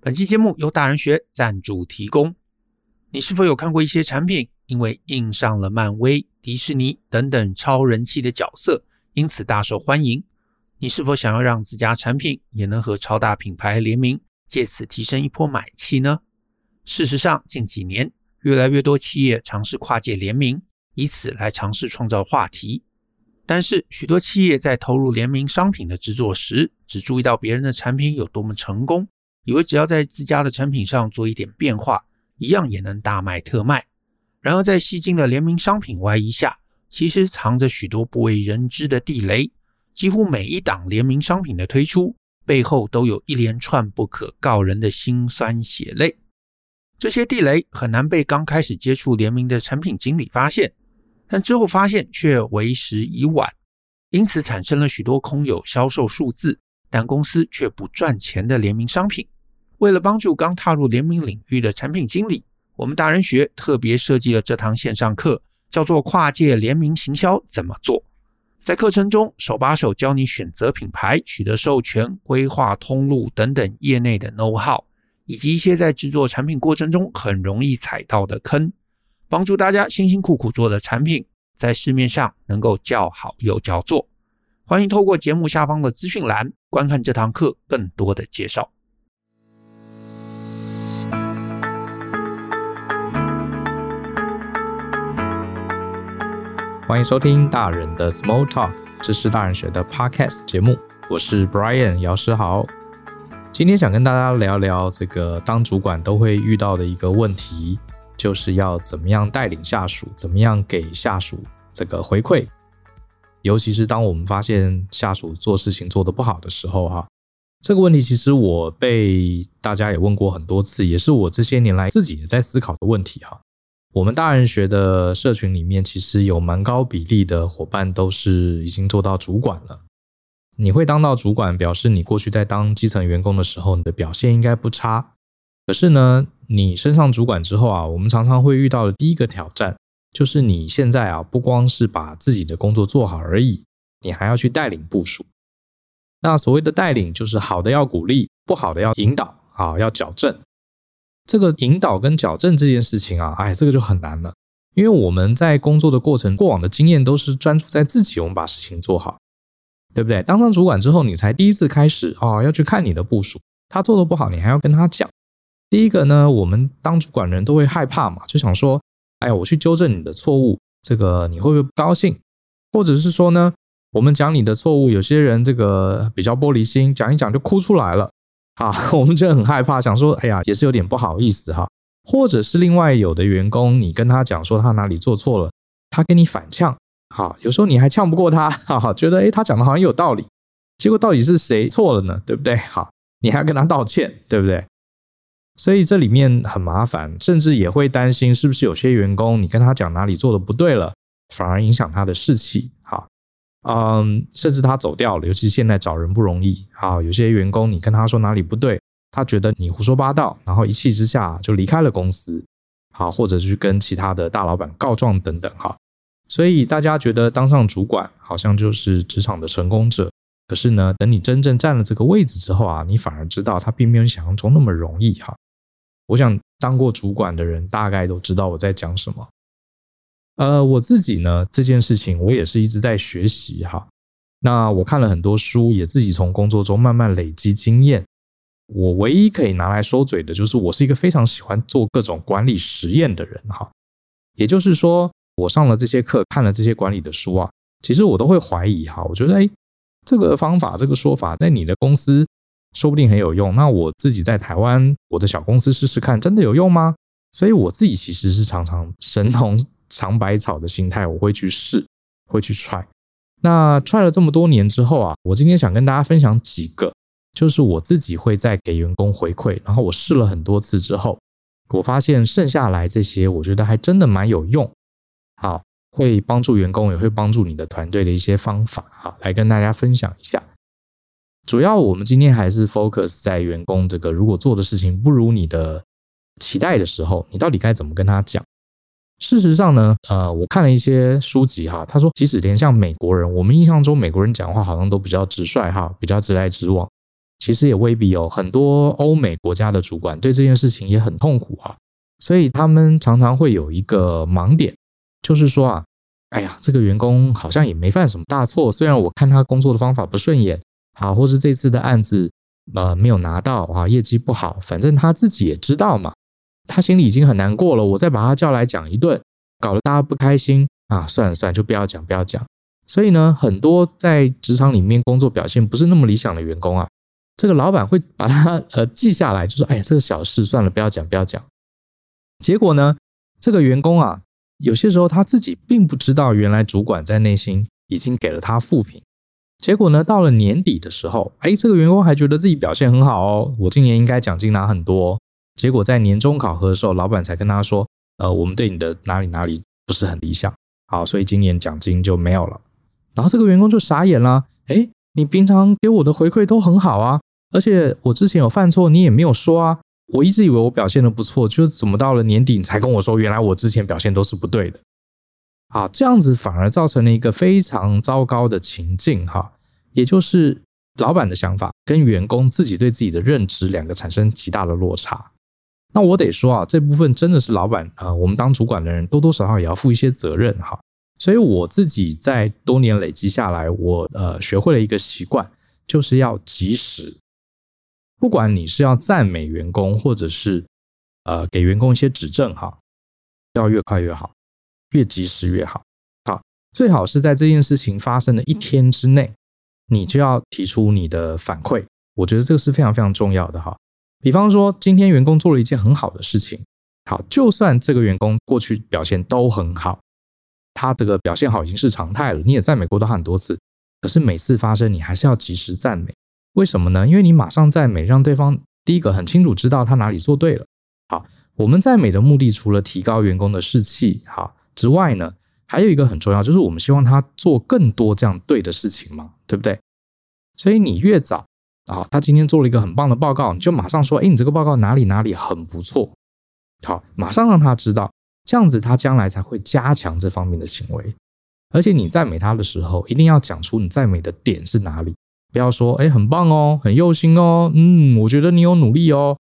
本期節目由大人學贊助提供。你是否有看過一些產品，因為印上了漫威、迪士尼等等超人氣的角色，因此大受歡迎？你是否想要讓自家產品也能和超大品牌聯名，借此提升一波買氣呢？事實上，近幾年越來越多企業嘗試跨界聯名，以此來嘗試創造話題。但是，許多企業在投入聯名商品的制作時，只注意到別人的產品有多麼成功。以為只要在自家的產品上做一點變化，一樣也能大賣特賣。然而，在吸金的聯名商品外衣下，其實藏着許多不為人知的地雷。幾乎每一檔聯名商品的推出，背後都有一連串不可告人的辛酸血淚。這些地雷很難被剛開始接觸聯名的產品經理發現，但之後發現卻為時已晚，因此產生了許多空有銷售數字，但公司卻不賺錢的聯名商品。為了幫助剛踏入聯名領域的產品經理，我們大人學特別設計了這堂線上課，叫做《跨界聯名行銷怎麼做》。在課程中，手把手教你選擇品牌、取得授權、規劃通路等等業內的 know how，以及一些在製作產品過程中很容易踩到的坑，幫助大家辛辛苦苦做的產品在市面上能夠叫好又叫座。歡迎透過節目下方的資訊欄觀看這堂課更多的介紹。歡迎收聽大人的 Small Talk，這是大人學的 Podcast 節目，我是 Bryan 姚詩豪。今天想跟大家聊聊這個當主管都會遇到的一個問題，就是要怎麼樣帶領下屬，怎麼樣給下屬這個回饋。尤其是當我們發現下屬做事情做得不好的時候，啊，哈，這個問題其實我被大家也問過很多次，也是我這些年來自己也在思考的問題，啊，哈。我們大人學的社群裡面，其實有蠻高比例的伙伴都是已經做到主管了。你會當到主管，表示你過去在當基層員工的時候，你的表現應該不差。可是呢，你升上主管之後啊，我們常常會遇到的第一個挑戰，就是你現在啊，不光是把自己的工作做好而已，你還要去帶領部屬。那所謂的帶領，就是好的要鼓勵，不好的要引導啊，要矯正。這個引導跟矯正這件事情啊，哎，這個就很難了，因為我們在工作的過程、過往的經驗都是專注在自己，我們把事情做好，對不對？當上主管之後，你才第一次開始哦，要去看你的部屬，他做的不好，你還要跟他講。第一個呢，我們當主管人都會害怕嘛，就想說，哎，我去糾正你的錯誤，這個你會不會不高興？或者是說呢，我們講你的錯誤，有些人這個比較玻璃心，講一講就哭出來了。好，我們就很害怕，想說，哎呀，也是有點不好意思哈。或者是另外有的員工，你跟他講說他哪裡做錯了，他跟你反嗆，好，有時候你還嗆不過他，覺得哎，他講的好像有道理，結果到底是誰錯了呢？對不對？好，你還要跟他道歉，對不對？所以這裡面很麻煩，甚至也會擔心是不是有些員工，你跟他講哪裡做的不對了，反而影響他的士氣。嗯，um, 甚至他走掉了，尤其現在找人不容易啊。有些員工，你跟他說哪裡不對，他覺得你胡說八道，然後一氣之下就離開了公司，好，或者去跟其他的大老闆告狀等等哈。所以大家覺得當上主管好像就是職場的成功者，可是呢，等你真正站了這個位置之後啊，你反而知道他並沒有想象中那麼容易哈。我想當過主管的人大概都知道我在講什麼。呃，我自己呢，這件事情我也是一直在學習哈。那我看了很多書，也自己從工作中慢慢累積經驗。我唯一可以拿來說嘴的，就是我是一個非常喜歡做各種管理實驗的人哈。也就是說，我上了這些課，看了這些管理的書啊，其實我都會懷疑哈。我覺得，誒、哎，這個方法，這個說法，在你的公司說不定很有用。那我自己在台灣，我的小公司試試看，真的有用嗎？所以我自己其實是常常神農。 嘗百草的心態，我會去試，會去 try。那 try 了這麼多年之後啊，我今天想跟大家分享幾個，就是我自己會在給員工回饋，然後我試了很多次之後，我發現剩下來這些，我覺得還真的蠻有用，好，會幫助員工，也會幫助你的團隊的一些方法哈，來跟大家分享一下。主要我們今天還是 focus 在員工這個，如果做的事情不如你的期待的時候，你到底該怎麼跟他講？事實上呢，呃，我看了一些書籍哈，他說，即使連像美國人，我們印象中美國人講話好像都比較直率哈，比較直來直往。其實也未必，有很多歐美國家的主管對這件事情也很痛苦哈，所以他們常常會有一個盲點，就是說啊，哎呀，這個員工好像也沒犯什麼大錯，雖然我看他工作的方法不順眼，啊，或是這次的案子呃沒有拿到啊，業績不好，反正他自己也知道嘛。他心裡已經很難過了，我再把他叫來講一頓，搞得大家不開心啊！算了算了，就不要講，不要講。所以呢，很多在職場裡面工作表現不是那麼理想的員工啊，這個老板會把他呃記下來，就說：“哎呀，這個小事算了，不要講，不要講。”結果呢，這個員工啊，有些時候他自己並不知道，原來主管在內心已經給了他負評。結果呢，到了年底的時候，哎，這個員工還覺得自己表現很好哦，我今年應該獎金拿很多哦。結果在年終考核的時候，老板才跟他說：“呃，我們對你的哪裡哪裡不是很理想。”好，所以今年獎金就沒有了。然後這個員工就傻眼了：“誒，你平常給我的回饋都很好啊，而且我之前有犯錯，你也沒有說啊。我一直以為我表現得不錯，就怎麼到了年底你才跟我說，原來我之前表現都是不對的。”啊，這樣子反而造成了一個非常糟糕的情境，哈，也就是老板的想法跟員工自己對自己的認知兩個產生極大的落差。那我得說啊，這部分真的是老闆啊，呃，我們當主管的人多多少少也要負一些責任哈。所以我自己在多年累積下來，我呃學會了一個習慣，就是要及時，不管你是要讚美員工，或者是呃給員工一些指正哈，要越快越好，越及時越好。好，最好是在這件事情發生的一天之內，你就要提出你的反饋。我覺得這個是非常非常重要的哈。比方說，今天員工做了一件很好的事情，好，就算這個員工過去表現都很好，他這個表現好已經是常態了，你也讚美過他很多次，可是每次發生，你還是要及時讚美，為什麼呢？因為你馬上讚美，讓對方第一個很清楚知道他哪裡做對了。好，我們讚美的目的除了提高員工的士氣哈之外呢，還有一個很重要，就是我們希望他做更多這樣對的事情嘛，對不對？所以你越早。好，他今天做了一個很棒的報告，你就馬上說，哎，你這個報告哪裡哪裡很不錯，好，馬上讓他知道，這樣子他將來才會加強這方面的行為。而且你贊美他的時候，一定要講出你贊美的點是哪裡，不要說，哎，很棒哦，很用心哦，嗯，我覺得你有努力哦，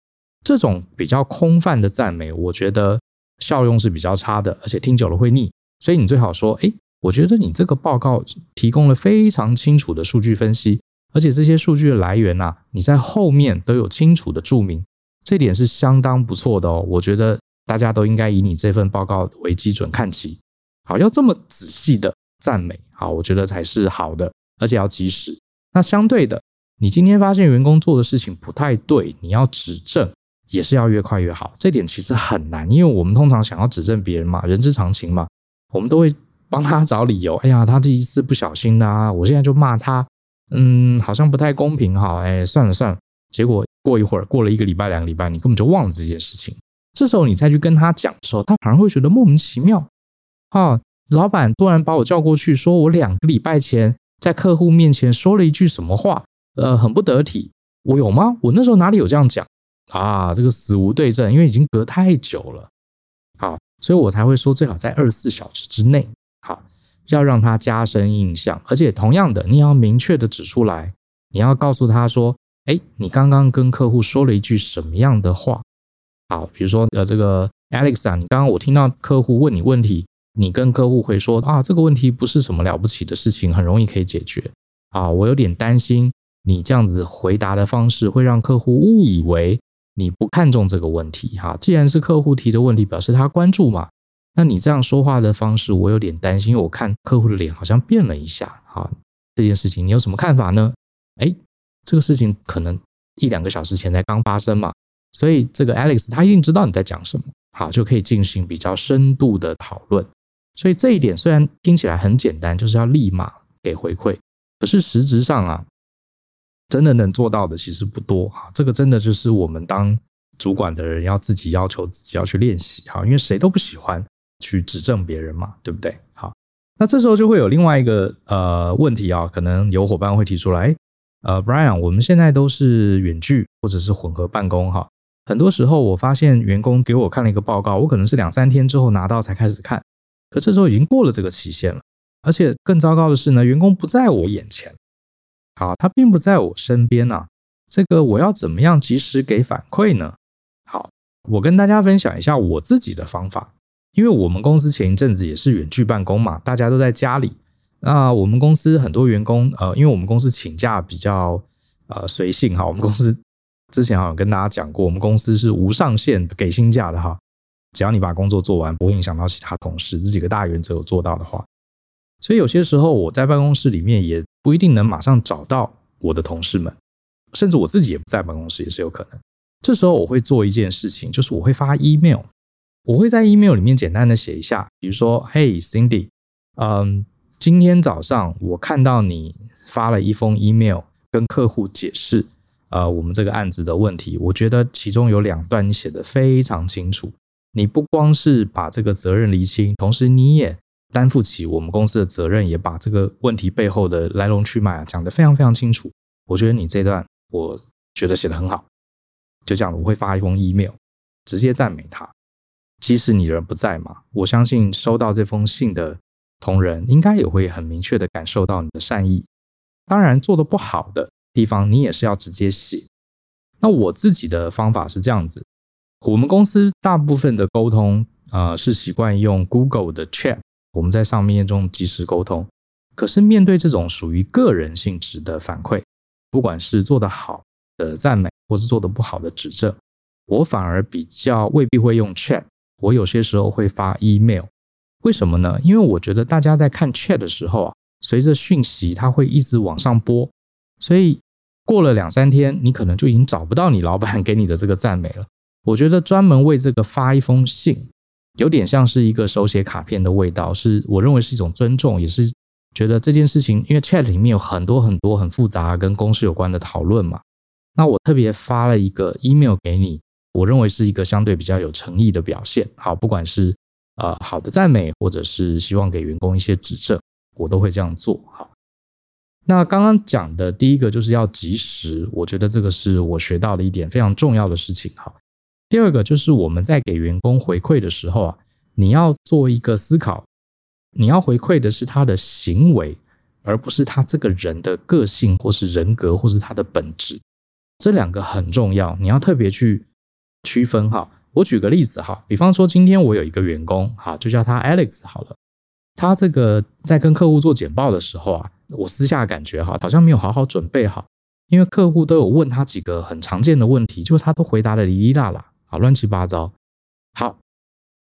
這種比較空泛的讚美，我覺得效用是比較差的，而且聽久了會膩，所以你最好說，哎，我覺得你這個報告提供了非常清楚的數據分析。而且這些數據的來源啊，你在後面都有清楚的注明，這點是相當不錯的哦。我覺得大家都應該以你這份報告為基準看齊。好，要這麼仔細的讚美，好，我覺得才是好的，而且要及時。那相對的，你今天發現員工做的事情不太對，你要指正，也是要越快越好。這點其實很難，因為我們通常想要指正別人嘛，人之常情嘛，我們都會幫他找理由。哎呀，他第一次不小心吶、啊，我現在就罵他。嗯，好像不太公平哈。哎，算了算了。結果過一會兒，過了一個禮拜、兩個禮拜，你根本就忘了這件事情。這時候你再去跟他講的時候，他反而會覺得莫名其妙。啊，老闆突然把我叫過去，說我兩個禮拜前在客戶面前說了一句什麼話，呃，很不得體。我有嗎？我那時候哪裡有這樣講啊？這個死無對證，因為已經隔太久了。好，所以我才會說，最好在二十四小時之內。要讓他加深印象，而且同樣的，你也要明確的指出來，你要告訴他說：“哎，你剛剛跟客戶說了一句什麼樣的話？”好，比如說，呃，這個 Alex 啊，你剛剛我聽到客戶問你問題，你跟客戶會說：“啊，這個問題不是什麼了不起的事情，很容易可以解決。”啊，我有點擔心你這樣子回答的方式會讓客戶誤以為你不看重這個問題。哈，既然是客戶提的問題，表示他關注嘛。那你這樣說話的方式，我有點擔心，因為我看客戶的臉好像變了一下。哈，這件事情你有什麼看法呢？哎，這個事情可能一兩個小時前才剛發生嘛，所以這個 Alex 他一定知道你在講什麼，好，就可以進行比較深度的討論。所以這一點雖然聽起來很簡單，就是要立馬給回饋，可是實質上啊，真的能做到的其實不多啊。這個真的就是我們當主管的人要自己要求自己要去練習哈，因為誰都不喜歡。去指正別人嘛，對不對？好，那這時候就會有另外一個呃問題啊，可能有夥伴會提出來，呃，Bryan，我們現在都是遠距或者是混合辦公哈。很多時候我發現員工給我看了一個報告，我可能是兩三天之後拿到才開始看，可這時候已經過了這個期限了。而且更糟糕的是呢，員工不在我眼前，好，他並不在我身邊吶、啊。這個我要怎麼樣及時給反饋呢？好，我跟大家分享一下我自己的方法。因為我們公司前一陣子也是遠距辦公嘛，大家都在家裡。那我們公司很多員工，呃，因為我們公司請假比較呃隨性哈，我們公司之前好像跟大家講過，我們公司是無上限給薪假的哈，只要你把工作做完，不會影響到其他同事這幾個大原則有做到的話，所以有些時候我在辦公室裡面也不一定能馬上找到我的同事們，甚至我自己也不在辦公室也是有可能。這時候我會做一件事情，就是我會發 email。我會在 email 裡面簡單的寫一下，比如說，Hey Cindy，嗯、呃，今天早上我看到你發了一封 email 跟客戶解釋，呃，我們這個案子的問題，我覺得其中有兩段你寫得非常清楚，你不光是把這個責任釐清，同時你也擔負起我們公司的責任，也把這個問題背後的來龍去脈啊講得非常非常清楚，我覺得你這段我覺得寫得很好，就這樣，我會發一封 email 直接讚美他。即使你人不在嘛，我相信收到這封信的同仁應該也會很明確的感受到你的善意。當然，做得不好的地方，你也是要直接寫。那我自己的方法是這樣子：我們公司大部分的溝通啊、呃，是習慣用 Google 的 Chat，我們在上面中即時溝通。可是面對這種屬於個人性質的反饋，不管是做得好的讚美，或是做得不好的指正，我反而比較未必會用 Chat。我有些時候會發 email，為什麼呢？因為我覺得大家在看 chat 的時候啊，隨着訊息它會一直往上播，所以過了兩三天，你可能就已經找不到你老板給你的這個讚美了。我覺得專門為這個發一封信，有點像是一個手寫卡片的味道，是我認為是一種尊重，也是覺得這件事情，因為 chat 裡面有很多很多很複雜跟公司有關的討論嘛，那我特別發了一個 email 給你。我認為是一個相對比較有誠意的表現。好，不管是呃好的讚美，或者是希望給員工一些指正，我都會這樣做。好，那剛剛講的第一個就是要及時，我覺得這個是我學到的一點非常重要的事情。好，第二個就是我們在給員工回饋的時候啊，你要做一個思考，你要回饋的是他的行為，而不是他這個人的個性，或是人格，或是他的本質。這兩個很重要，你要特別去區分哈，我舉個例子哈，比方說今天我有一個員工哈，就叫他 Alex 好了，他這個在跟客戶做簡報的時候啊，我私下感覺哈，好像沒有好好準備好，因為客戶都有問他幾個很常見的問題，就是他都回答的哩哩啦啦，啊，亂七八糟。好，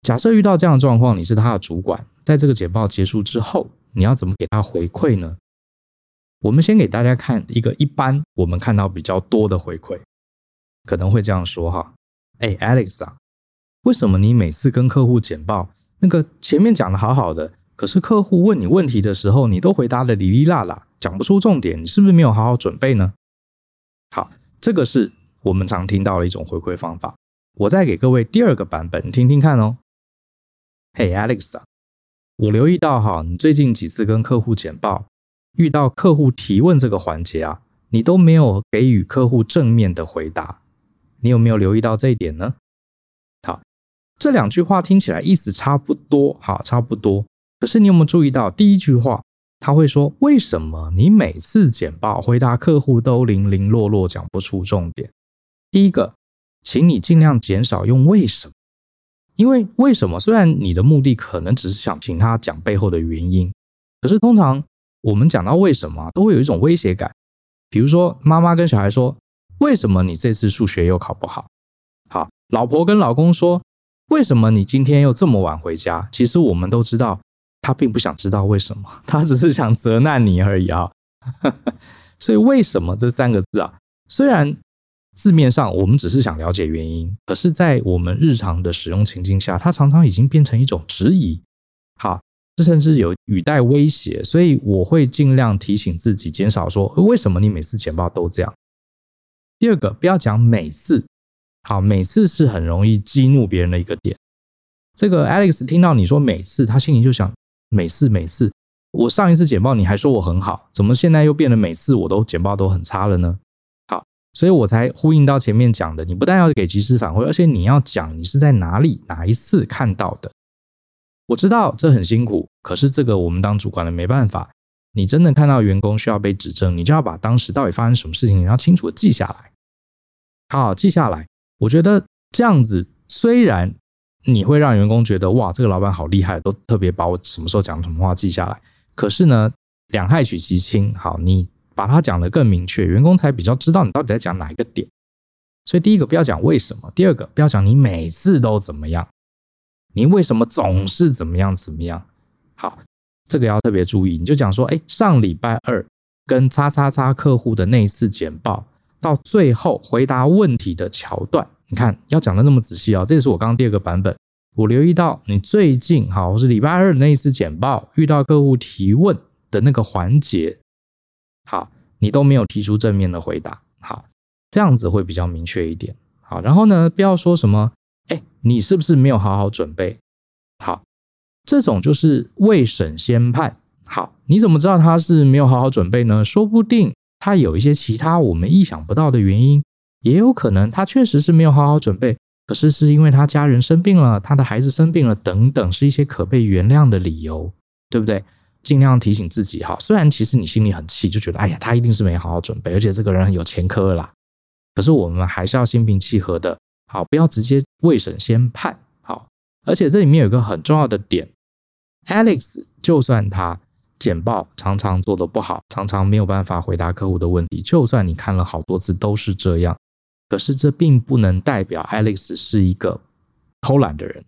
假設遇到這樣的狀況，你是他的主管，在這個簡報結束之後，你要怎麼給他回饋呢？我們先給大家看一個一般我們看到比較多的回饋，可能會這樣說哈。哎、hey, Alex 啊，為什麼你每次跟客戶簡報，那個前面講的好好的，可是客戶問你問題的時候，你都回答的哩哩啦啦，講不出重點，你是不是沒有好好準備呢？好，這個是我們常聽到的一種回饋方法。我再給各位第二個版本聽聽看哦。嘿、hey, Alex 啊，我留意到哈，你最近幾次跟客戶簡報，遇到客戶提問這個環節啊，你都沒有給予客戶正面的回答。你有沒有留意到這一點呢？好，這兩句話聽起來意思差不多，哈，差不多。可是你有沒有注意到，第一句話他會說：“為什麼你每次簡報回答客戶都零零落落，講不出重點？”第一個，請你盡量減少用“為什麼”，因為“為什麼”雖然你的目的可能只是想請他講背後的原因，可是通常我們講到“為什麼”啊，都會有一種威脅感。比如說，媽媽跟小孩說。為什麼你這次數學又考不好？好，老婆跟老公說：“為什麼你今天又這麼晚回家？”其實我們都知道，他並不想知道為什麼，他只是想責難你而已啊、哦。 所以“為什麼”這三個字啊，雖然字面上我們只是想了解原因，可是，在我們日常的使用情境下，它常常已經變成一種質疑。好，這甚至有語帶威脅。所以我會盡量提醒自己，減少說“為什麼你每次簡報都這樣”。第二個，不要講每次，好，每次是很容易激怒別人的一個點。這個 Alex 聽到你說每次，他心裡就想每次每次，我上一次簡報你還說我很好，怎麼現在又變得每次我都簡報都很差了呢？好，所以我才呼應到前面講的，你不但要給及時反饋，而且你要講你是在哪裡哪一次看到的。我知道這很辛苦，可是這個我們當主管的沒辦法。你真的看到員工需要被指正，你就要把當時到底發生什麼事情，你要清楚的記下來。好，好記下來。我覺得這樣子雖然你會讓員工覺得哇，這個老闆好厲害，都特別把我什麼時候講什麼話記下來。可是呢，兩害取其輕，好，你把它講得更明確，員工才比較知道你到底在講哪一個點。所以第一個不要講為什麼，第二個不要講你每次都怎麼樣，你為什麼總是怎麼樣怎麼樣。好。這個要特別注意，你就講說，哎、欸，上禮拜二跟叉叉叉客戶的那一次簡報，到最後回答問題的橋段，你看要講的那麼仔細啊、哦。這也是我剛剛第二個版本，我留意到你最近，好，我是禮拜二的那一次簡報，遇到客戶提問的那個環節，好，你都沒有提出正面的回答，好，這樣子會比較明確一點。好，然後呢，不要說什麼，哎、欸，你是不是沒有好好準備好？這種就是未審先判，好，你怎麼知道他是沒有好好準備呢？說不定他有一些其他我們意想不到的原因，也有可能他確實是沒有好好準備，可是是因為他家人生病了，他的孩子生病了等等，是一些可被原諒的理由，對不對？盡量提醒自己，哈，雖然其實你心裡很氣，就覺得哎呀，他一定是沒好好準備，而且這個人很有前科了啦，可是我們還是要心平氣和的，好，不要直接未審先判，好，而且這裡面有一個很重要的點。Alex，就算他簡報常常做得不好，常常沒有辦法回答客戶的問題，就算你看了好多次都是這樣，可是這並不能代表 Alex 是一個偷懶的人，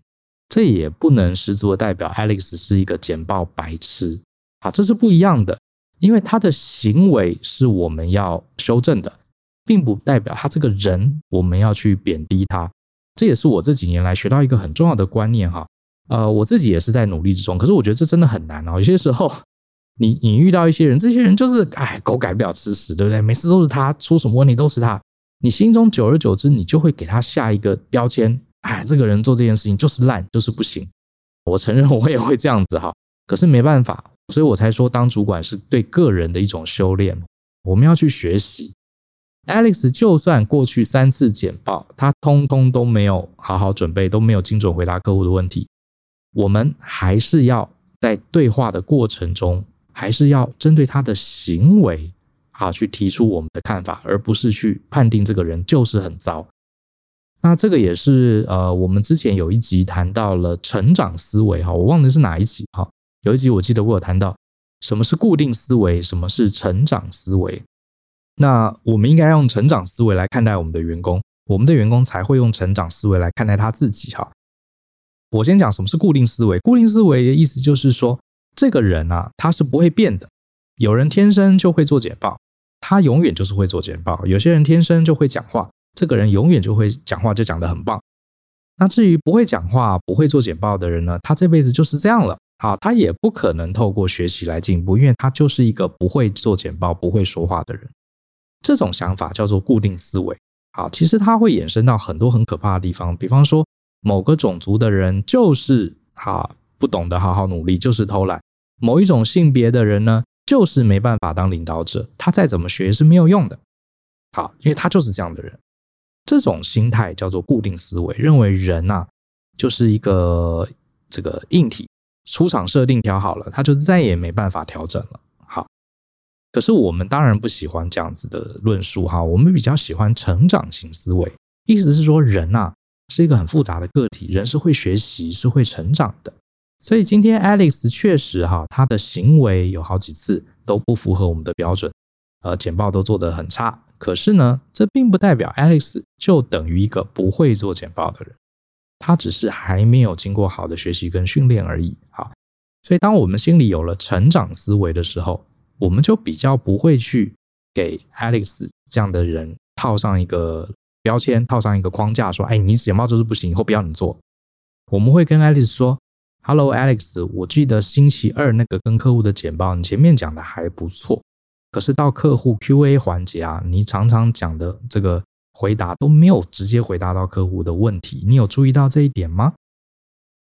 這也不能十足的代表 Alex 是一個簡報白痴啊，這是不一樣的。因為他的行為是我們要修正的，並不代表他這個人我們要去貶低他。這也是我這幾年來學到一個很重要的觀念哈。呃，我自己也是在努力之中，可是我覺得這真的很難哦。有些時候你，你你遇到一些人，這些人就是，哎，狗改不了吃屎，對不對？每次都是他出什麼問題都是他，你心中久而久之，你就會給他下一個標籤，哎，這個人做這件事情就是爛，就是不行。我承認我也會這樣子哈，可是沒辦法，所以我才說當主管是對個人的一種修煉，我們要去學習。Alex 就算過去三次簡報，他通通都沒有好好準備，都沒有精準回答客戶的問題。我們還是要在對話的過程中，還是要針對他的行為啊去提出我們的看法，而不是去判定這個人就是很糟。那這個也是呃，我們之前有一集談到了成長思維哈、哦，我忘了是哪一集哈、哦。有一集我記得我有談到什麼是固定思維，什麼是成長思維。那我們應該用成長思維來看待我們的員工，我們的員工才會用成長思維來看待他自己哈。我先講什麼是固定思維。固定思維的意思就是說，這個人啊，他是不會變的。有人天生就會做簡報，他永遠就是會做簡報；有些人天生就會講話，這個人永遠就會講話，就講得很棒。那至於不會講話、不會做簡報的人呢，他這輩子就是這樣了啊，他也不可能透過學習來進步，因為他就是一個不會做簡報、不會說話的人。這種想法叫做固定思維啊，其實它會衍生到很多很可怕的地方，比方說。某個種族的人就是哈不懂得好好努力，就是偷懶；某一種性別的人呢，就是沒辦法當領導者，他再怎麼學是沒有用的，好，因為他就是這樣的人。這種心態叫做固定思維，認為人吶，啊，就是一個這個硬體，出廠設定調好了，他就再也沒辦法調整了。好，可是我們當然不喜歡這樣子的論述，哈，我們比較喜歡成長型思維，意思是說人啊。是一個很複雜的個體，人是會學習，是會成長的。所以今天 Alex 確實哈、啊，他的行為有好幾次都不符合我們的標準，呃，簡報都做得很差。可是呢，這並不代表 Alex 就等於一個不會做簡報的人，他只是還沒有經過好的學習跟訓練而已。哈，所以當我們心裡有了成長思維的時候，我們就比較不會去給 Alex 這樣的人套上一個。標籤，套上一個框架，說：“哎，你簡報就是不行，以後不要你做。”我們會跟 Alex 說：“Hello，Alex，我記得星期二那個跟客戶的簡報，你前面講的還不錯，可是到客戶 QA 環節啊，你常常講的這個回答都沒有直接回答到客戶的問題，你有注意到這一點嗎？”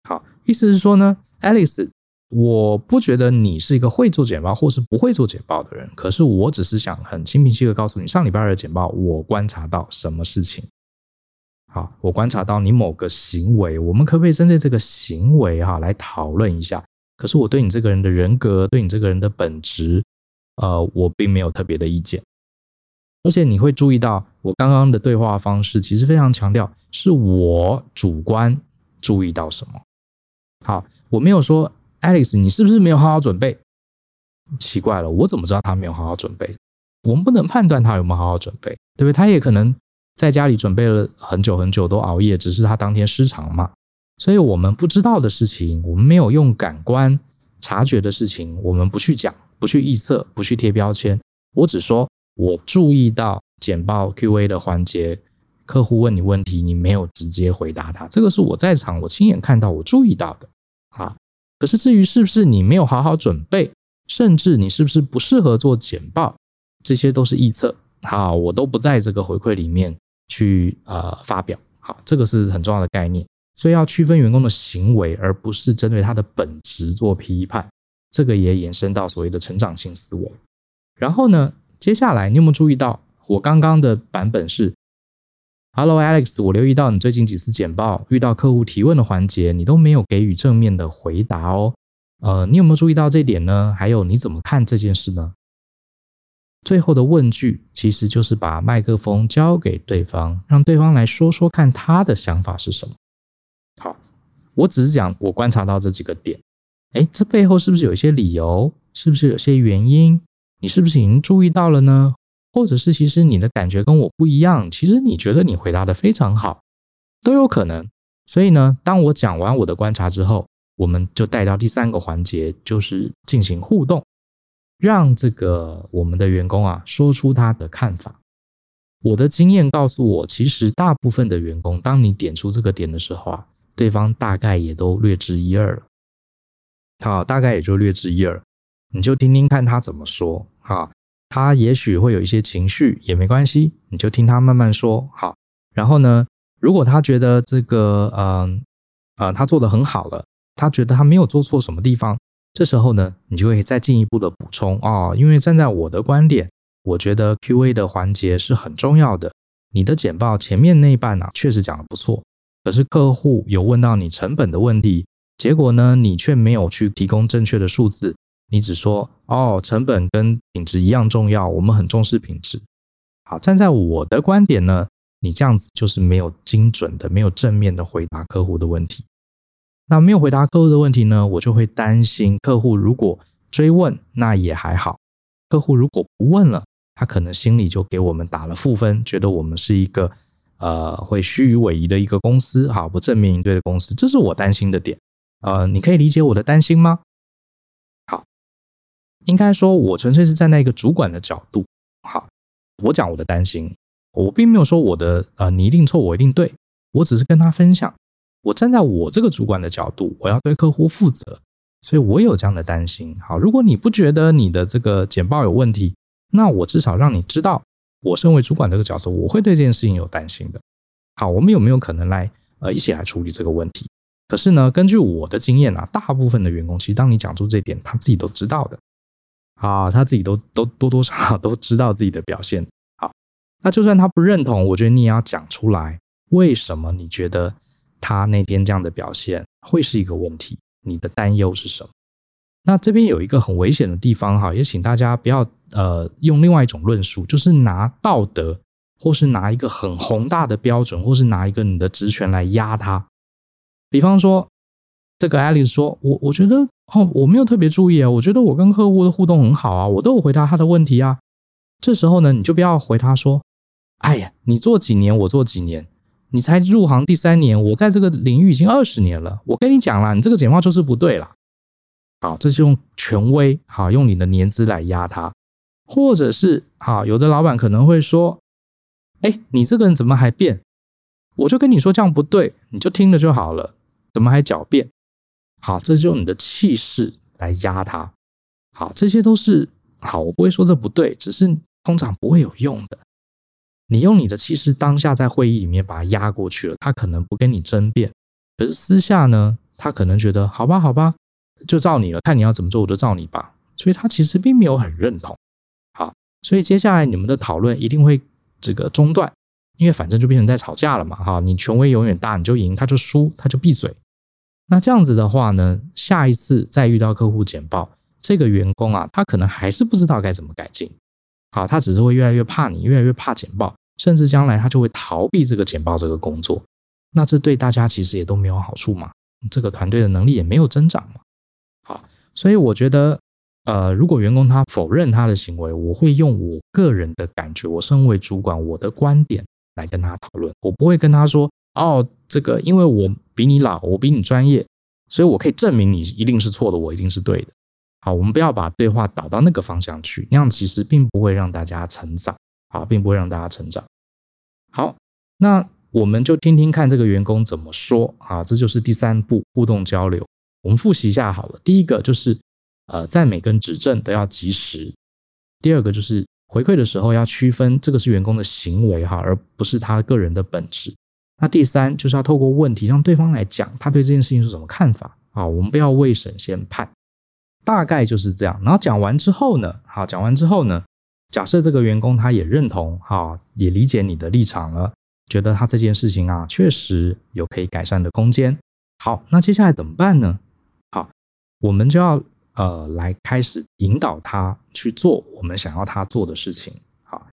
好，意思是說呢，Alex。我不覺得你是一個會做簡報或是不會做簡報的人，可是我只是想很心平氣和的告訴你，上禮拜二的簡報我觀察到什麼事情？好，我觀察到你某個行為，我們可不可以針對這個行為哈、啊、來討論一下？可是我對你這個人的人格，對你這個人的本質，呃，我並沒有特別的意見。而且你會注意到，我剛剛的對話方式其實非常強調是我主觀注意到什麼。好，我沒有說。Alex，你是不是沒有好好準備？奇怪了，我怎麼知道他沒有好好準備？我們不能判斷他有沒有好好準備，對不對？他也可能在家裡準備了很久很久，都熬夜，只是他當天失常嘛。所以我們不知道的事情，我們沒有用感官察覺的事情，我們不去講，不去臆測，不去貼標籤。我只說，我注意到簡報 Q&A 的環節，客戶問你問題，你沒有直接回答他。這個是我在場，我親眼看到，我注意到的。啊。可是至於是不是你沒有好好準備，甚至你是不是不適合做簡報，這些都是臆測。好，我都不在這個回饋裡面去呃發表。好，這個是很重要的概念，所以要區分員工的行為，而不是針對他的本質做批判。這個也延伸到所謂的成長性思維。然後呢，接下來你有沒有注意到我剛剛的版本是？Hello Alex，我留意到你最近幾次簡報遇到客戶提問的環節，你都沒有給予正面的回答哦。呃，你有沒有注意到這點呢？還有你怎麼看這件事呢？最後的問句其實就是把麥克風交給對方，讓對方來說說看他的想法是什麼。好，我只是講我觀察到這幾個點。誒，這背後是不是有一些理由？是不是有些原因？你是不是已經注意到了呢？或者是其實你的感覺跟我不一樣，其實你覺得你回答得非常好，都有可能。所以呢，當我講完我的觀察之後，我們就帶到第三個環節，就是進行互動，讓這個我們的員工啊說出他的看法。我的經驗告訴我，其實大部分的員工，當你點出這個點的時候啊，對方大概也都略知一二了。好，大概也就略知一二，你就聽聽看他怎麼說，好。他也許會有一些情緒，也沒關係，你就聽他慢慢說好。然後呢，如果他覺得這個，嗯、呃，啊、呃，他做的很好了，他覺得他沒有做錯什麼地方，這時候呢，你就會再進一步的補充啊、哦，因為站在我的觀點，我覺得 Q&A 的環節是很重要的。你的簡報前面那一半呢、啊，確實講的不錯，可是客戶有問到你成本的問題，結果呢，你卻沒有去提供正確的數字。你只說哦，成本跟品質一樣重要，我們很重視品質。好，站在我的觀點呢，你這樣子就是沒有精準的，沒有正面的回答客戶的問題。那沒有回答客戶的問題呢，我就會擔心客戶如果追問，那也還好；客戶如果不問了，他可能心裡就給我們打了負分，覺得我們是一個呃會虛與委蛇的一個公司，好，不正面應對的公司，這是我擔心的點。呃，你可以理解我的擔心嗎？應該說，我純粹是站在那個主管的角度，好，我講我的擔心，我並沒有說我的呃，你一定錯，我一定對，我只是跟他分享，我站在我這個主管的角度，我要對客戶負責，所以我有這樣的擔心。好，如果你不覺得你的這個簡報有問題，那我至少讓你知道，我身為主管這個角色，我會對這件事情有擔心的。好，我們有沒有可能來呃，一起來處理這個問題？可是呢，根據我的經驗啊，大部分的員工其實當你講出這點，他自己都知道的。啊，他自己都都多多少少都知道自己的表現。好，那就算他不認同，我覺得你也要講出來，為什麼你覺得他那邊這樣的表現會是一個問題？你的擔憂是什麼？那這邊有一個很危險的地方哈，也請大家不要呃用另外一種論述，就是拿道德或是拿一個很宏大的標準，或是拿一個你的職權來壓他。比方說，這個艾麗說：“我我覺得。”哦，oh, 我沒有特別注意啊，我覺得我跟客戶的互動很好啊，我都有回答他的問題啊。這時候呢，你就不要回他說：“哎呀，你做幾年，我做幾年，你才入行第三年，我在這個領域已經二十年了。”我跟你講了，你這個簡化就是不對了。好，這是用權威，好，用你的年資來壓他，或者是好，有的老闆可能會說：“哎、欸，你這個人怎麼還辯，我就跟你說這樣不對，你就聽着就好了，怎麼還狡辯？”好，這就用你的氣勢來壓他。好，這些都是好，我不會說這不對，只是通常不會有用的。你用你的氣勢當下在會議裡面把他壓過去了，他可能不跟你爭辯。可是私下呢，他可能覺得好吧，好吧，就照你了，看你要怎麼做，我就照你吧。所以他其實並沒有很認同。好，所以接下來你們的討論一定會這個中斷，因為反正就變成在吵架了嘛。哈，你權威永遠大，你就贏，他就輸，他就閉嘴。那這樣子的話呢，下一次再遇到客戶簡報，這個員工啊，他可能還是不知道該怎麼改進，好，他只是會越來越怕你，越來越怕簡報，甚至將來他就會逃避這個簡報這個工作。那這對大家其實也都沒有好處嘛，這個團隊的能力也沒有增長嘛，好，所以我覺得，呃，如果員工他否認他的行為，我會用我個人的感覺，我身為主管我的觀點來跟他討論，我不會跟他說。哦，oh, 這個因為我比你老，我比你專業，所以我可以證明你一定是錯的，我一定是對的。好，我們不要把對話導到那個方向去，那樣其實並不會讓大家成長，好，並不會讓大家成長。好，那我們就聽聽看這個員工怎麼說啊，這就是第三步，互動交流。我們複習一下好了，第一個就是呃讚美跟指正都要及時，第二個就是回饋的時候要區分這個是員工的行為哈，而不是他個人的本質。那第三就是要透過問題讓對方來講他對這件事情是什麼看法啊，我們不要未審先判，大概就是這樣。然後講完之後呢，好，講完之後呢，假設這個員工他也認同，哈、啊，也理解你的立場了，覺得他這件事情啊確實有可以改善的空間。好，那接下來怎麼辦呢？好，我們就要呃來開始引導他去做我們想要他做的事情。好，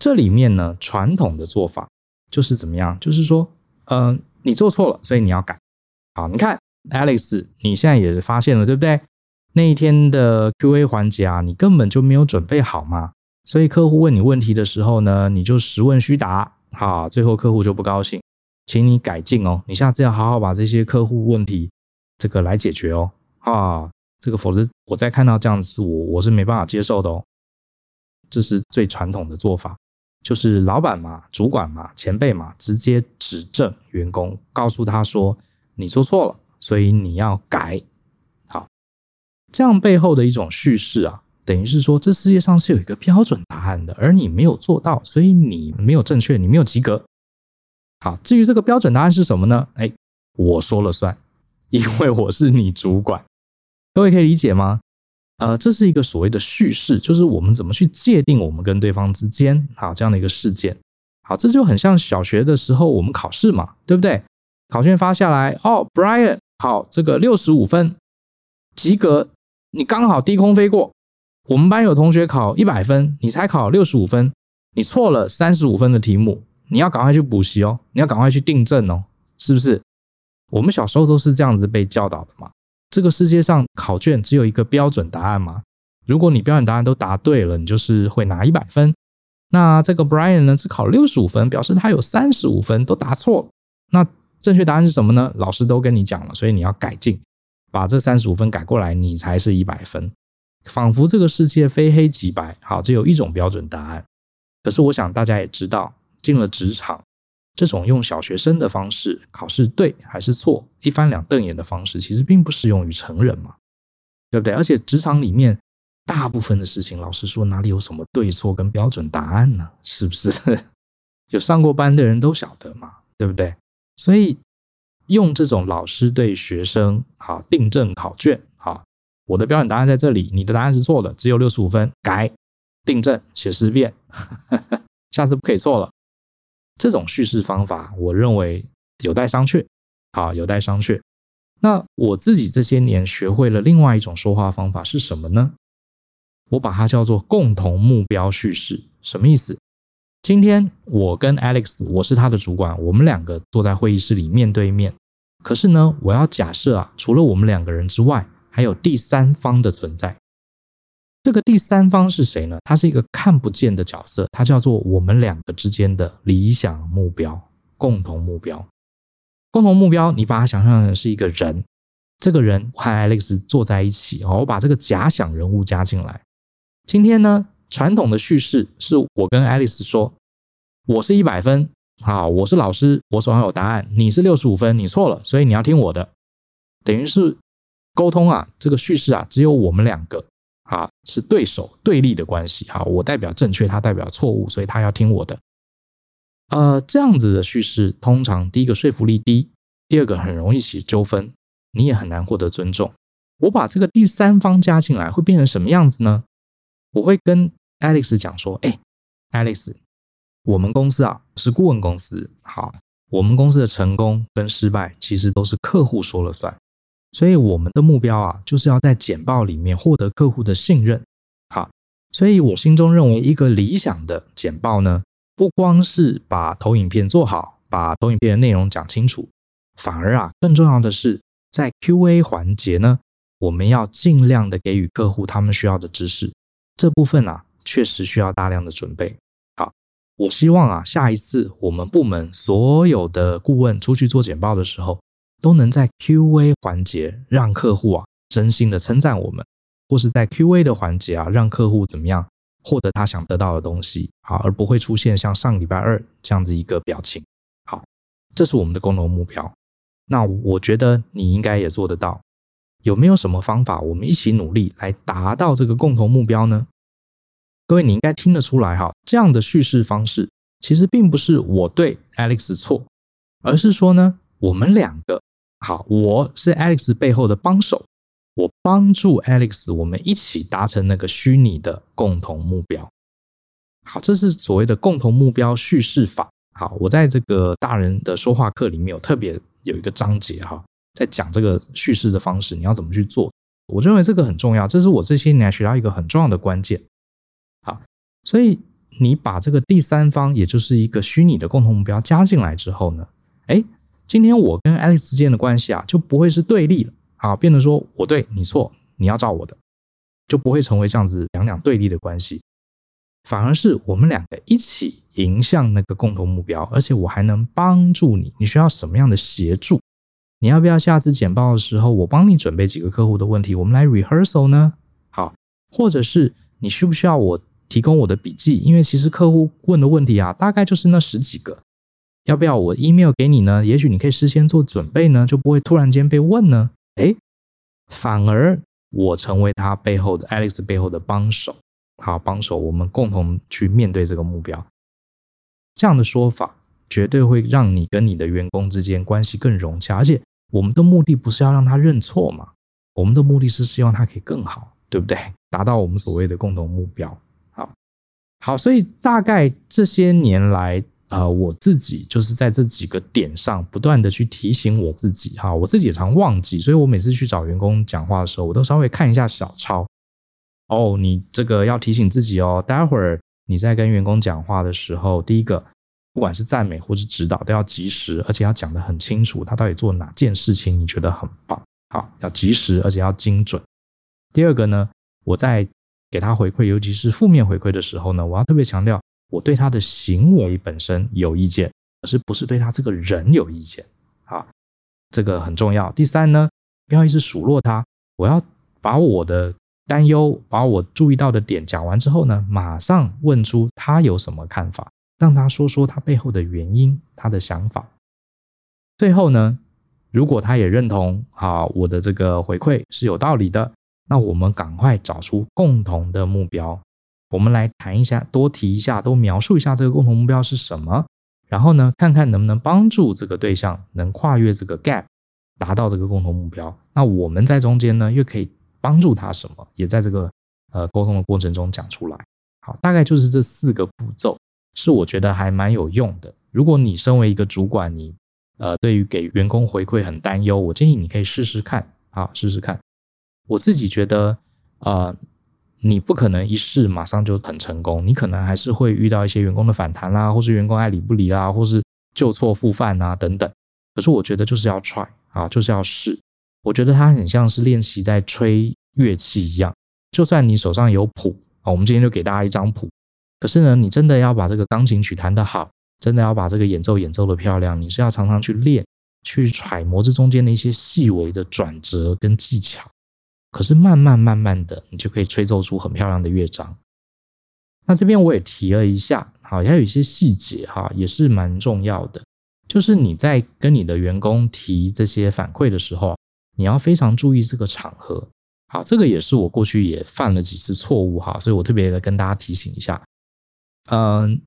這裡面呢傳統的做法。就是怎麼樣？就是說，嗯、呃，你做錯了，所以你要改。好，你看 Alex，你現在也發現了，對不對？那一天的 QA 環節啊，你根本就沒有準備好嘛，所以客戶問你問題的時候呢，你就實問虛答，好、啊，最後客戶就不高興，請你改進哦。你下次要好好把這些客戶問題這個來解決哦，啊，這個否則我再看到這樣子，我我是沒辦法接受的哦。這是最傳統的做法。就是老闆嘛，主管嘛，前輩嘛，直接指正員工，告訴他說你做錯了，所以你要改。好，這樣背後的一種敘事啊，等於是說這世界上是有一個標準答案的，而你沒有做到，所以你沒有正確，你沒有及格。好，至於這個標準答案是什麼呢？哎、欸，我說了算，因為我是你主管。各位可以理解嗎？呃，這是一個所謂的敘事，就是我們怎麼去界定我們跟對方之間啊，這樣的一個事件。好，這就很像小學的時候我們考試嘛，對不對？考卷發下來，哦，Bryan，考這個六十五分，及格。你剛好低空飛過，我們班有同學考一百分，你才考六十五分，你錯了三十五分的題目，你要趕快去補習哦，你要趕快去訂正哦，是不是？我們小時候都是這樣子被教導的嘛。這個世界上考卷只有一個標準答案嗎？如果你標準答案都答對了，你就是會拿一百分。那這個 Bryan 呢，只考六十五分，表示他有三十五分都答錯了。那正確答案是什麼呢？老師都跟你講了，所以你要改進，把這三十五分改過來，你才是一百分。仿佛這個世界非黑即白，好，只有一種標準答案。可是我想大家也知道，進了職場，這種用小學生的方式考試對還是錯，一翻兩瞪眼的方式，其實並不適用於成人嘛，對不對？而且職場裡面大部分的事情，老實說哪裡有什麼對錯跟標準答案呢、啊？是不是？ 就上過班的人都曉得嘛，對不對？所以用這種老師對學生啊訂正考卷啊，我的標準答案在這裡，你的答案是錯的，只有六十五分，改訂正寫十遍，哈哈下次不可以錯了。這種敘事方法，我認為有待商榷，好，有待商榷。那我自己這些年學會了另外一種說話方法是什麼呢？我把它叫做共同目標敘事。什麼意思？今天我跟 Alex，我是他的主管，我們兩個坐在會議室裡面對面。可是呢，我要假設啊，除了我們兩個人之外，還有第三方的存在。這個第三方是誰呢？他是一個看不見的角色，他叫做我們兩個之間的理想目標、共同目標、共同目標。你把它想象成是一個人，這個人和愛麗絲坐在一起哦，我把這個假想人物加進來。今天呢，傳統的敘事是我跟愛麗絲說，我是一百分啊，我是老師，我手上有答案，你是六十五分，你錯了，所以你要聽我的。等於是溝通啊，這個敘事啊，只有我們兩個。啊，是對手對立的關係。好，我代表正確，他代表錯誤，所以他要聽我的。呃，這樣子的敘事，通常第一個說服力低，第二個很容易起糾紛，你也很難獲得尊重。我把這個第三方加進來，會變成什麼樣子呢？我會跟 Alex 講說：“哎，Alex，我們公司啊是顧問公司。好，我們公司的成功跟失敗，其實都是客戶說了算。”所以我們的目標啊，就是要在簡報裡面獲得客戶的信任。好，所以我心中認為，一個理想的簡報呢，不光是把投影片做好，把投影片的內容講清楚，反而啊，更重要的是在 Q&A 環節呢，我們要盡量的給予客戶他們需要的知識。這部分啊，確實需要大量的準備。好，我希望啊，下一次我們部門所有的顧問出去做簡報的時候，都能在 Q&A 環節，讓客戶啊真心的稱讚我們，或是在 Q&A 的環節啊讓客戶怎麼樣獲得他想得到的東西啊，而不會出現像上禮拜二這樣子一個表情。好，這是我們的共同目標。那我覺得你應該也做得到。有沒有什麼方法我們一起努力來達到這個共同目標呢？各位你應該聽得出來哈，這樣的敘事方式其實並不是我對 Alex 錯，而是說呢我們兩個。好，我是 Alex 背後的幫手，我幫助 Alex，我們一起達成那個虛擬的共同目標。好，這是所謂的共同目標敘事法。好，我在這個大人的說話課裡面有特別有一個章節哈、哦，在講這個敘事的方式，你要怎麼去做？我認為這個很重要，這是我這些年學到一個很重要的關鍵。好，所以你把這個第三方，也就是一個虛擬的共同目標加進來之後呢，誒。今天我跟 Alice 之間的關係啊，就不會是對立的啊，變成說我對你錯，你要照我的，就不會成為這樣子兩兩對立的關係，反而是我們兩個一起迎向那個共同目標，而且我還能幫助你。你需要什麼樣的協助？你要不要下次簡報的時候，我幫你準備幾個客戶的問題，我們來 rehearsal 呢？好，或者是你需不需要我提供我的筆記？因為其實客戶問的問題啊，大概就是那十幾個。要不要我 email 給你呢？也許你可以事先做準備呢，就不會突然間被問呢。誒，反而我成為他背後的 Alex 背後的幫手，好幫手，我們共同去面對這個目標。這樣的說法絕對會讓你跟你的員工之間關係更融洽，而且我們的目的不是要讓他認錯嘛，我們的目的是希望他可以更好，對不對？達到我們所謂的共同目標。好好，所以大概這些年來。啊、呃，我自己就是在這幾個點上不斷地去提醒我自己哈，我自己也常忘記，所以我每次去找員工講話的時候，我都稍微看一下小抄。哦，你這個要提醒自己哦，待會兒你在跟員工講話的時候，第一個，不管是讚美或是指導，都要及時，而且要講得很清楚，他到底做哪件事情你覺得很棒，好，要及時而且要精準。第二個呢，我在給他回饋，尤其是負面回饋的時候呢，我要特別強調。我對他的行為本身有意見，可是不是對他這個人有意見啊。這個很重要。第三呢，不要一直數落他。我要把我的擔憂，把我注意到的點講完之後呢，馬上問出他有什麼看法，讓他說說他背後的原因、他的想法。最後呢，如果他也認同啊，我的這個回饋是有道理的，那我們趕快找出共同的目標。我們來談一下，多提一下，多描述一下這個共同目標是什麼，然後呢，看看能不能幫助這個對象能跨越這個 gap，達到這個共同目標。那我們在中間呢，又可以幫助他什麼，也在這個呃溝通的過程中講出來。好，大概就是這四個步驟，是我覺得還蠻有用的。如果你身為一個主管，你呃對於給員工回饋很擔憂，我建議你可以試試看，好，試試看。我自己覺得，呃，你不可能一試馬上就很成功，你可能還是會遇到一些員工的反彈啦、啊，或是員工愛理不理啦、啊，或是舊錯復犯啊等等。可是我覺得就是要 try 啊，就是要試。我覺得它很像是練習在吹樂器一樣，就算你手上有譜啊，我們今天就給大家一張譜。可是呢，你真的要把這個鋼琴曲彈得好，真的要把這個演奏演奏得漂亮，你是要常常去練，去揣摩這中間的一些細微的轉折跟技巧。可是慢慢慢慢的，你就可以吹奏出很漂亮的樂章。那這邊我也提了一下，好，也有一些細節哈，也是蠻重要的，就是你在跟你的員工提這些反饋的時候，你要非常注意這個場合。好，這個也是我過去也犯了幾次錯誤哈，所以我特別的跟大家提醒一下。嗯，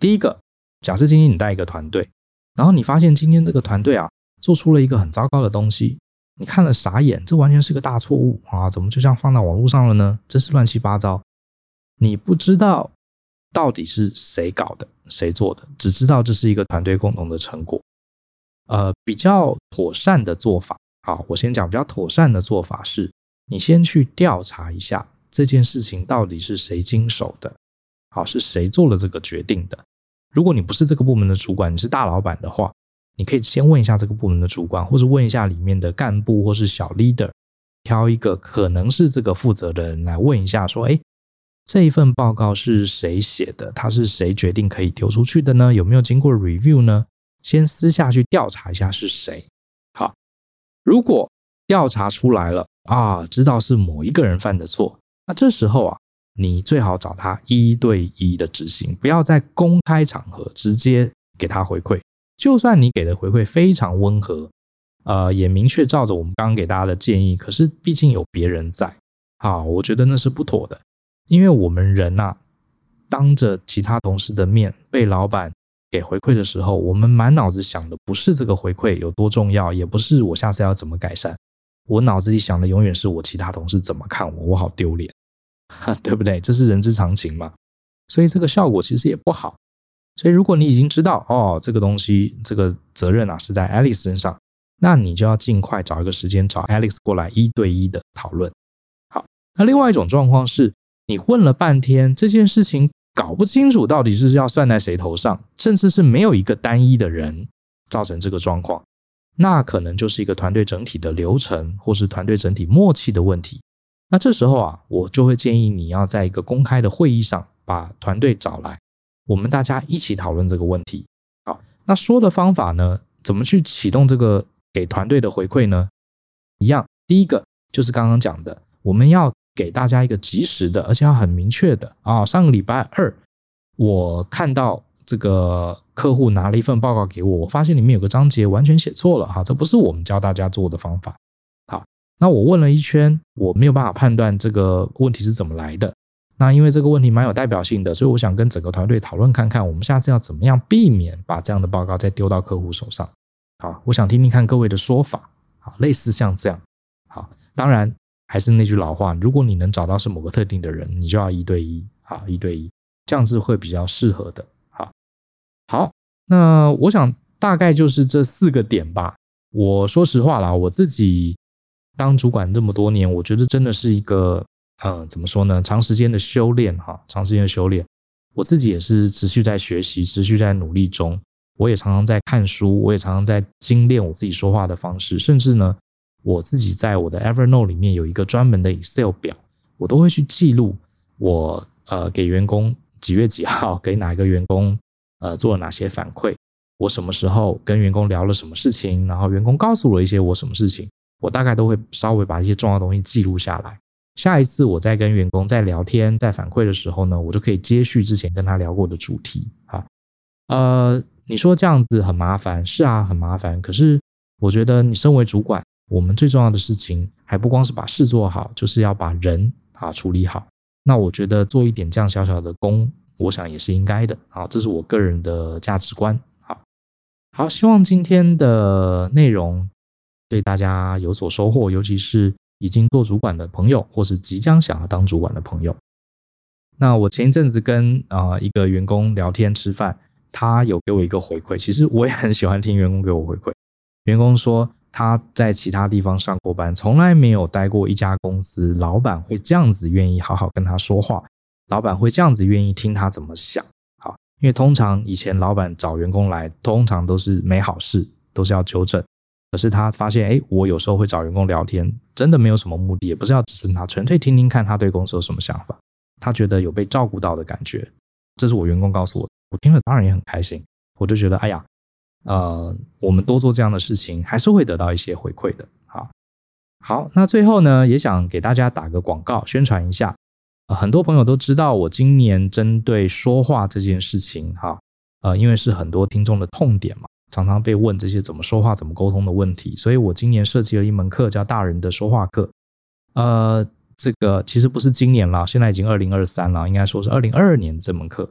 第一個，假設今天你帶一個團隊，然後你發現今天這個團隊啊，做出了一個很糟糕的東西。你看了傻眼，這完全是個大錯誤啊！怎麼就這樣放到網絡上了呢？真是亂七八糟。你不知道到底是誰搞的、誰做的，只知道這是一個團隊共同的成果。呃，比較妥善的做法，好，我先講比較妥善的做法是，你先去調查一下這件事情到底是誰經手的，好，是誰做了這個決定的。如果你不是這個部門的主管，你是大老闆的話。你可以先問一下這個部門的主管，或者問一下裡面的幹部，或是小 leader，挑一個可能是這個負責的人來問一下，說：“誒，這一份報告是誰寫的？他是誰決定可以丟出去的呢？有沒有經過 review 呢？”先私下去調查一下是誰。好，如果調查出來了啊，知道是某一個人犯的錯，那這時候啊，你最好找他一對一的執行，不要在公開場合直接給他回饋。就算你給的回饋非常溫和，呃，也明確照着我們剛剛給大家的建議，可是畢竟有別人在啊，我覺得那是不妥的，因為我們人吶啊，當着其他同事的面被老闆給回饋的時候，我們滿腦子想的不是這個回饋有多重要，也不是我下次要怎麼改善，我腦子裡想的永遠是我其他同事怎麼看我，我好丟臉，哈，對不對？這是人之常情嘛，所以這個效果其實也不好。所以，如果你已經知道哦，這個東西這個責任啊是在 Alex 身上，那你就要盡快找一個時間找 Alex 過來一對一的討論。好，那另外一種狀況是你問了半天這件事情搞不清楚到底是要算在誰頭上，甚至是沒有一個單一的人造成這個狀況，那可能就是一個團隊整體的流程或是團隊整體默契的問題。那這時候啊，我就會建議你要在一個公開的會議上把團隊找來。我們大家一起討論這個問題。好，那說的方法呢？怎麼去啟動這個給團隊的回饋呢？一樣，第一個就是剛剛講的，我們要給大家一個及時的，而且要很明確的啊，哦，上個禮拜二，我看到這個客戶拿了一份報告給我，我發現裡面有個章節完全寫錯了哈，這不是我們教大家做的方法。好，那我問了一圈，我沒有辦法判斷這個問題是怎麼來的。那因為這個問題蠻有代表性的，所以我想跟整個團隊討論看看，我們下次要怎麼樣避免把這樣的報告再丟到客戶手上。好，我想聽聽看各位的說法。好，類似像這樣。好，當然還是那句老話，如果你能找到是某個特定的人，你就要一對一。好，一對一，這樣子會比較適合的。好，好，那我想大概就是這四個點吧。我說實話啦，我自己當主管這麼多年，我覺得真的是一個。呃，怎麼說呢？長時間的修煉，哈，長時間的修煉，我自己也是持續在學習，持續在努力中。我也常常在看書，我也常常在精煉我自己說話的方式。甚至呢，我自己在我的 Evernote 裡面有一個專門的 Excel 表，我都會去記錄我呃給員工幾月幾號給哪一個員工呃做了哪些反饋，我什麼時候跟員工聊了什麼事情，然後員工告訴我一些我什麼事情，我大概都會稍微把一些重要的東西記錄下來。下一次我再跟員工在聊天，在反饋的時候呢，我就可以接續之前跟他聊過的主題啊。呃，你說這樣子很麻煩，是啊，很麻煩。可是我覺得你身為主管，我們最重要的事情還不光是把事做好，就是要把人啊處理好。那我覺得做一點這樣小小的工，我想也是應該的啊。這是我個人的價值觀。好好，希望今天的內容對大家有所收穫，尤其是。已經做主管的朋友，或是即將想要當主管的朋友，那我前一陣子跟啊、呃、一個員工聊天吃飯，他有給我一個回饋。其實我也很喜歡聽員工給我回饋。員工說他在其他地方上過班，從來沒有待過一家公司，老闆會這樣子願意好好跟他說話，老闆會這樣子願意聽他怎麼想。好，因為通常以前老闆找員工來，通常都是沒好事，都是要糾正。可是他發現，哎，我有時候會找員工聊天，真的沒有什麼目的，也不是要指責他，純粹聽聽看他對公司有什麼想法。他覺得有被照顧到的感覺，這是我員工告訴我的，我聽了當然也很開心。我就覺得，哎呀，呃，我們多做這樣的事情，還是會得到一些回饋的。好，好，那最後呢，也想給大家打個廣告，宣傳一下。呃，很多朋友都知道，我今年針對說話這件事情，哈，呃，因為是很多聽眾的痛點嘛。常常被問這些怎麼說話、怎麼溝通的問題，所以我今年設計了一門課叫《大人的說話課》。呃，這個其實不是今年啦，現在已經二零二三了，應該說是二零二二年的這門課。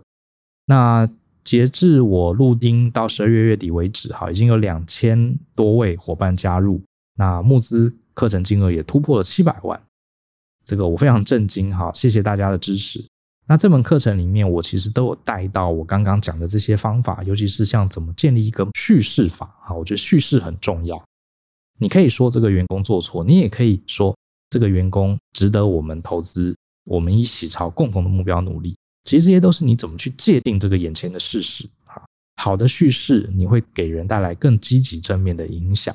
那截至我錄音到十二月月底為止，哈，已經有兩千多位夥伴加入，那募資課程金額也突破了七百萬。這個我非常震驚，哈，謝謝大家的支持。那這門課程裡面，我其實都有帶到我剛剛講的這些方法，尤其是像怎麼建立一個敘事法哈，我覺得敘事很重要。你可以說這個員工做錯，你也可以說這個員工值得我們投資，我們一起朝共同的目標努力。其實這些都是你怎麼去界定這個眼前的事實哈，好的敘事，你會給人帶來更積極正面的影響。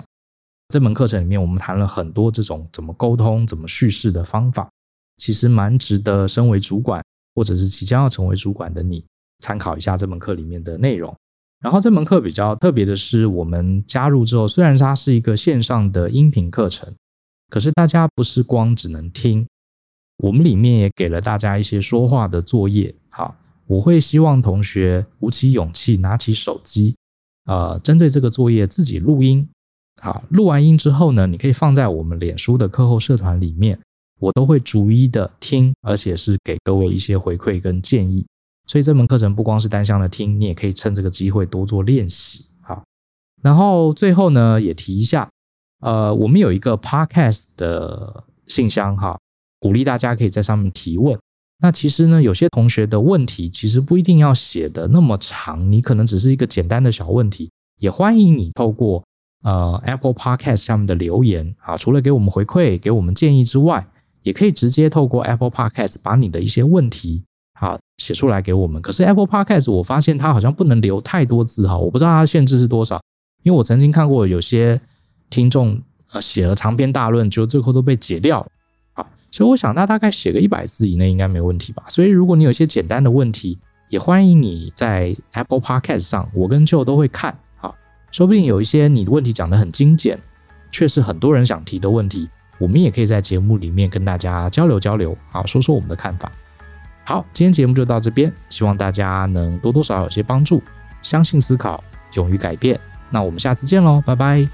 這門課程裡面，我們談了很多這種怎麼溝通、怎麼敘事的方法，其實蠻值得身為主管。或者是即將要成為主管的你，參考一下這門課裡面的內容。然後這門課比較特別的是，我們加入之後，雖然它是一個線上的音頻課程，可是大家不是光只能聽，我們裡面也給了大家一些說話的作業。好，我會希望同學鼓起勇氣，拿起手機，呃，針對這個作業自己錄音。好，錄完音之後呢，你可以放在我們臉書的課後社團裡面。我都會逐一的聽，而且是給各位一些回饋跟建議。所以這門課程不光是單向的聽，你也可以趁這個機會多做練習。哈。然後最後呢，也提一下，呃，我們有一個 Podcast 的信箱哈，鼓勵大家可以在上面提問。那其實呢，有些同學的問題其實不一定要寫的那麼長，你可能只是一個簡單的小問題，也歡迎你透過呃 Apple Podcast 下面的留言啊，除了給我們回饋、給我們建議之外。也可以直接透過 Apple Podcast 把你的一些問題啊寫出來給我們。可是 Apple Podcast 我發現它好像不能留太多字哈，我不知道它的限制是多少。因為我曾經看過有些聽眾呃寫了長篇大論，就最後都被解掉啊。所以我想，那大概寫個一百字以內應該沒問題吧。所以如果你有一些簡單的問題，也歡迎你在 Apple Podcast 上，我跟 Joe 都會看啊，說不定有一些你的問題講得很精簡，卻是很多人想提的問題。我們也可以在節目裡面跟大家交流交流啊，說說我們的看法。好，今天節目就到這邊，希望大家能多多少少有些幫助。相信思考，勇於改變。那我們下次見嘍，拜拜。